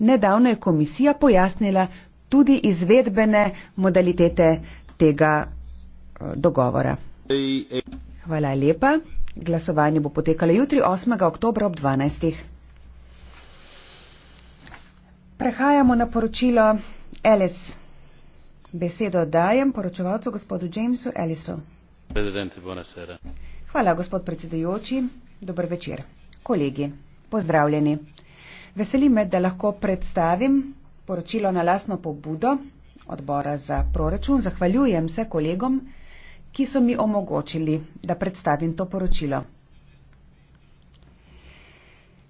Nedavno je komisija pojasnila tudi izvedbene modalitete tega eh, dogovora. Hvala lepa. Glasovanje bo potekalo jutri 8. oktober ob 12. Prehajamo na poročilo Ellis. Besedo dajem poročevalcu gospodu Jamesu Ellisu. Hvala, gospod predsedujoči. Dober večer. Kolegi, pozdravljeni. Veseli me, da lahko predstavim poročilo na lasno pobudo odbora za proračun. Zahvaljujem se kolegom, ki so mi omogočili, da predstavim to poročilo.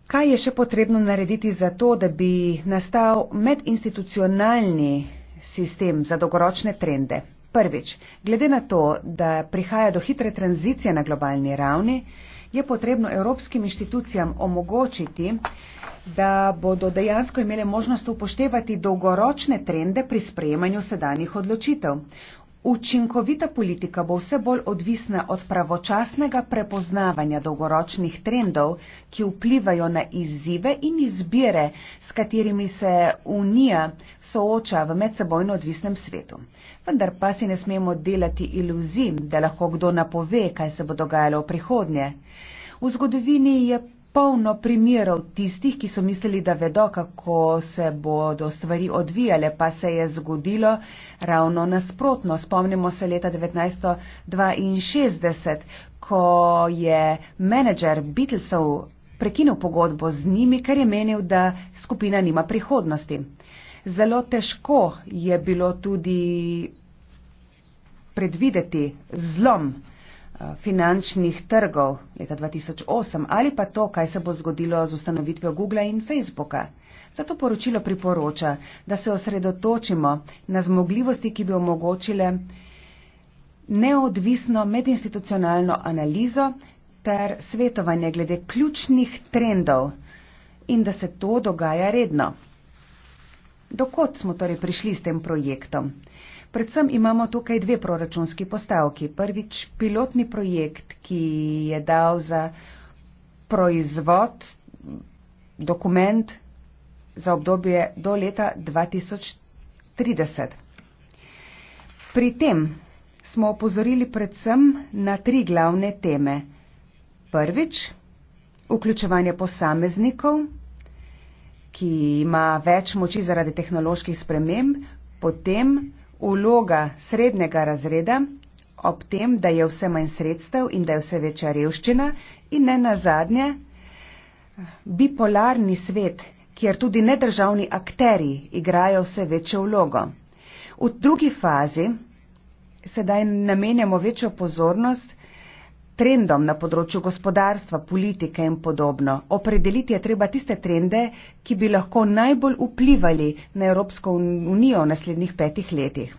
Kaj je še potrebno narediti za to, da bi nastal medinstitucionalni sistem za dolgoročne trende? Prvič, glede na to, da prihaja do hitre tranzicije na globalni ravni, je potrebno evropskim inštitucijam omogočiti, da bodo dejansko imele možnost upoštevati dolgoročne trende pri sprejemanju sedanjih odločitev. Učinkovita politika bo vse bolj odvisna od pravočasnega prepoznavanja dolgoročnih trendov, ki vplivajo na izzive in izbire, s katerimi se Unija sooča v medsebojno odvisnem svetu. Vendar pa si ne smemo delati iluzij, da lahko kdo napove, kaj se bo dogajalo v prihodnje. V zgodovini je polno primerov tistih, ki so mislili, da vedo, kako se bodo stvari odvijale, pa se je zgodilo ravno nasprotno. Spomnimo se leta 1962, ko je menedžer Beatlesov prekinil pogodbo z njimi, ker je menil, da skupina nima prihodnosti. Zelo težko je bilo tudi predvideti zlom. Eh, finančnih trgov leta 2008 ali pa to, kaj se bo zgodilo z ustanovitvijo Google in Facebooka. Zato poročilo priporoča, da se osredotočimo na zmogljivosti, ki bi omogočile neodvisno medinstitucionalno analizo ter svetovanje glede ključnih trendov in da se to dogaja redno. Dokot smo torej prišli s tem projektom? Predvsem imamo tukaj dve proračunski postavki. Prvič, pilotni projekt, ki je dal za proizvod dokument za obdobje do leta 2030. Pri tem smo opozorili predvsem na tri glavne teme. Prvič, vključevanje posameznikov, ki ima več moči zaradi tehnoloških sprememb, potem vloga srednjega razreda, ob tem, da je vse manj sredstev in da je vse večja revščina in ne nazadnje bipolarni svet, kjer tudi nedržavni akteri igrajo vse večjo vlogo. V drugi fazi sedaj namenjamo večjo pozornost trendom na področju gospodarstva, politike in podobno. Opredeliti je treba tiste trende, ki bi lahko najbolj vplivali na Evropsko unijo v naslednjih petih letih.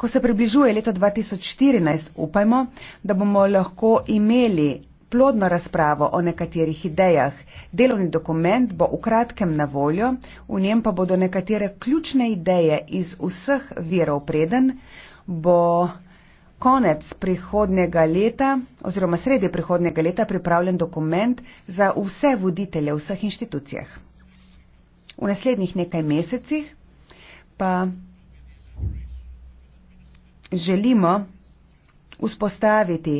Ko se približuje leto 2014, upajmo, da bomo lahko imeli plodno razpravo o nekaterih idejah. Delovni dokument bo v kratkem na voljo, v njem pa bodo nekatere ključne ideje iz vseh virov preden, bo konec prihodnega leta oziroma sredi prihodnega leta pripravljen dokument za vse voditelje v vseh inštitucijah. V naslednjih nekaj mesecih pa želimo vzpostaviti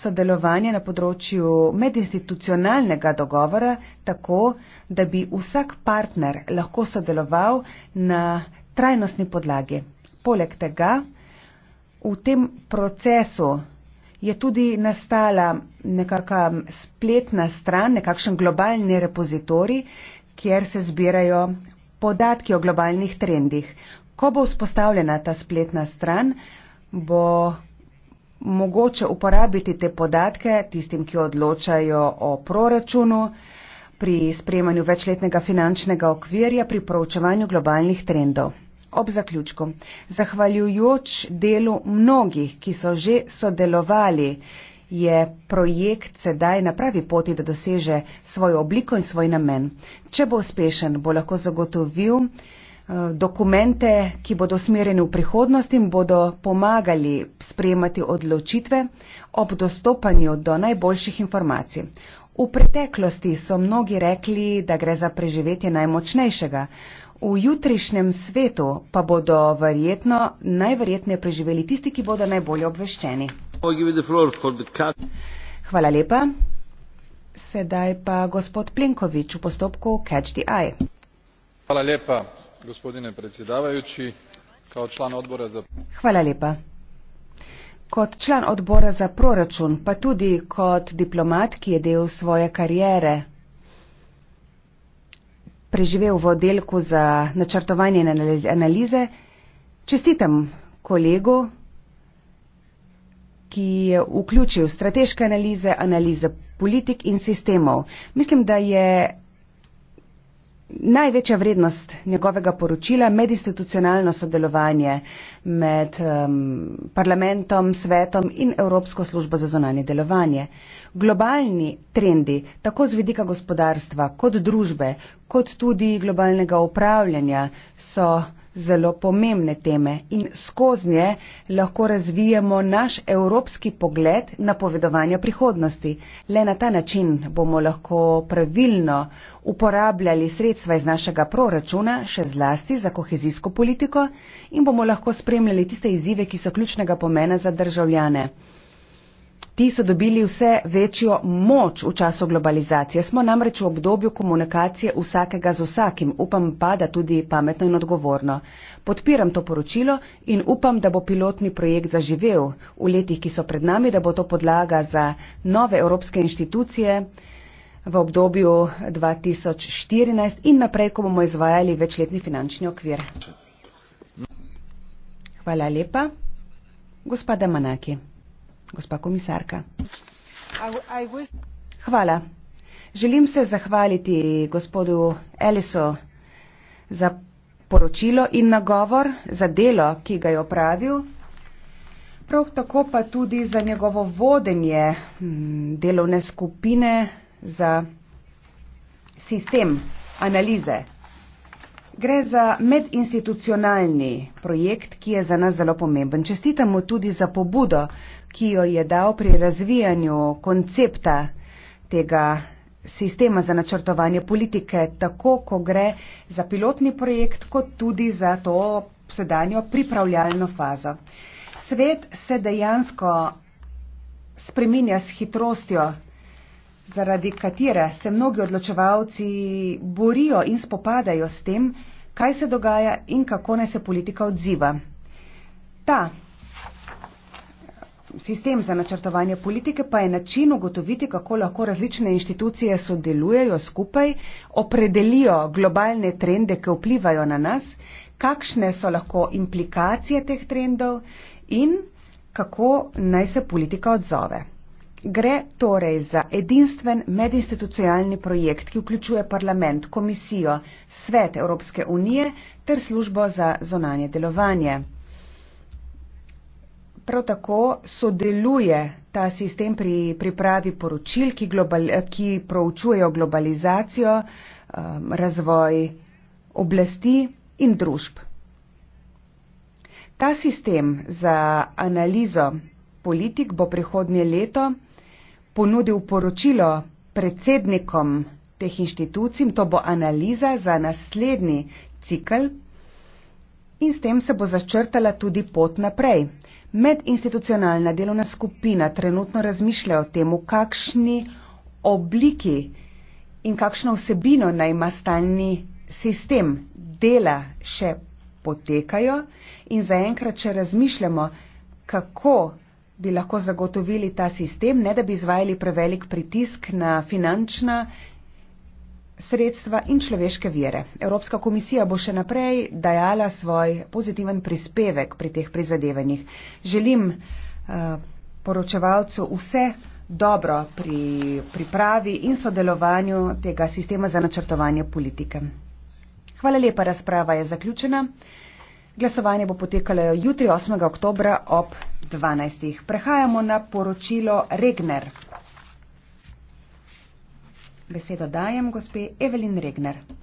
sodelovanje na področju medinstitucionalnega dogovora tako, da bi vsak partner lahko sodeloval na trajnostni podlagi. Poleg tega, v tem procesu je tudi nastala nekaka spletna stran, nekakšen globalni repozitorij, kjer se zbirajo podatki o globalnih trendih. Ko bo vzpostavljena ta spletna stran, bo mogoče uporabiti te podatke tistim, ki odločajo o proračunu, pri sprejemanju večletnega finančnega okvirja, pri proučevanju globalnih trendov ob zaključku. Zahvaljujoč delu mnogih, ki so že sodelovali, je projekt sedaj na pravi poti, da doseže svojo obliko in svoj namen. Če bo uspešen, bo lahko zagotovil eh, dokumente, ki bodo smereni v prihodnost in bodo pomagali sprejemati odločitve ob dostopanju do najboljših informacij. V preteklosti so mnogi rekli, da gre za preživetje najmočnejšega. V jutrišnjem svetu pa bodo verjetno najverjetneje preživeli tisti, ki bodo najbolje obveščeni. Hvala lepa. Sedaj pa gospod Plenković v postopku Catch the Eye. Hvala lepa, gospodine predsedavajući, kao član odbora za. Hvala lepa. Kot član odbora za proračun, pa tudi kot diplomat, ki je del svoje karijere preživel v oddelku za načrtovanje in analize. Čestitam kolegu, ki je vključil strateške analize, analize politik in sistemov. Mislim, da je Največja vrednost njegovega poročila je medinstitucionalno sodelovanje med um, parlamentom, svetom in Evropsko službo za zonanje delovanje. Globalni trendi, tako z vidika gospodarstva kot družbe, kot tudi globalnega upravljanja, so zelo pomembne teme in skozi nje lahko razvijemo naš evropski pogled na povedovanje prihodnosti. Le na ta način bomo lahko pravilno uporabljali sredstva iz našega proračuna, še zlasti za kohezijsko politiko in bomo lahko spremljali tiste izzive, ki so ključnega pomena za državljane ti so dobili vse večjo moč v času globalizacije. Smo namreč v obdobju komunikacije vsakega z vsakim, upam pa, da tudi pametno in odgovorno. Podpiram to poročilo in upam, da bo pilotni projekt zaživel v letih, ki so pred nami, da bo to podlaga za nove evropske inštitucije v obdobju 2014 in naprej, ko bomo izvajali večletni finančni okvir. Hvala lepa. Gospoda Manaki gospa komisarka. Hvala. Želim se zahvaliti gospodu Eliso za poročilo in nagovor za delo, ki ga je opravil, prav tako pa tudi za njegovo vodenje delovne skupine za sistem analize Gre za medinstitucionalni projekt, ki je za nas zelo pomemben. Čestitamo tudi za pobudo, ki jo je dal pri razvijanju koncepta tega sistema za načrtovanje politike, tako ko gre za pilotni projekt, kot tudi za to sedanjo pripravljalno fazo. Svet se dejansko spreminja s hitrostjo zaradi katere se mnogi odločevalci borijo in spopadajo s tem, kaj se dogaja in kako naj se politika odziva. Ta sistem za načrtovanje politike pa je način ugotoviti, kako lahko različne inštitucije sodelujejo skupaj, opredelijo globalne trende, ki vplivajo na nas, kakšne so lahko implikacije teh trendov in kako naj se politika odzove. Gre torej za edinstven medinstitucionalni projekt, ki vključuje parlament, komisijo, svet Evropske unije ter službo za zonanje delovanje. Prav tako sodeluje ta sistem pri pripravi poročil, ki, global, ki proučujejo globalizacijo, um, razvoj oblasti in družb. Ta sistem za analizo politik bo prihodnje leto ponudil poročilo predsednikom teh inštitucij, to bo analiza za naslednji cikl in s tem se bo začrtala tudi pot naprej. Medinstitucionalna delovna skupina trenutno razmišlja o tem, v kakšni obliki in kakšno vsebino naj ima stalni sistem. Dela še potekajo in zaenkrat, če razmišljamo, kako bi lahko zagotovili ta sistem, ne da bi izvajali prevelik pritisk na finančna sredstva in človeške vire. Evropska komisija bo še naprej dajala svoj pozitiven prispevek pri teh prizadevanjih. Želim uh, poročevalcu vse dobro pri pripravi in sodelovanju tega sistema za načrtovanje politike. Hvala lepa, razprava je zaključena. Glasovanje bo potekalo jutri 8. oktober ob 12. Prehajamo na poročilo Regner. Besedo dajem gospe Evelin Regner.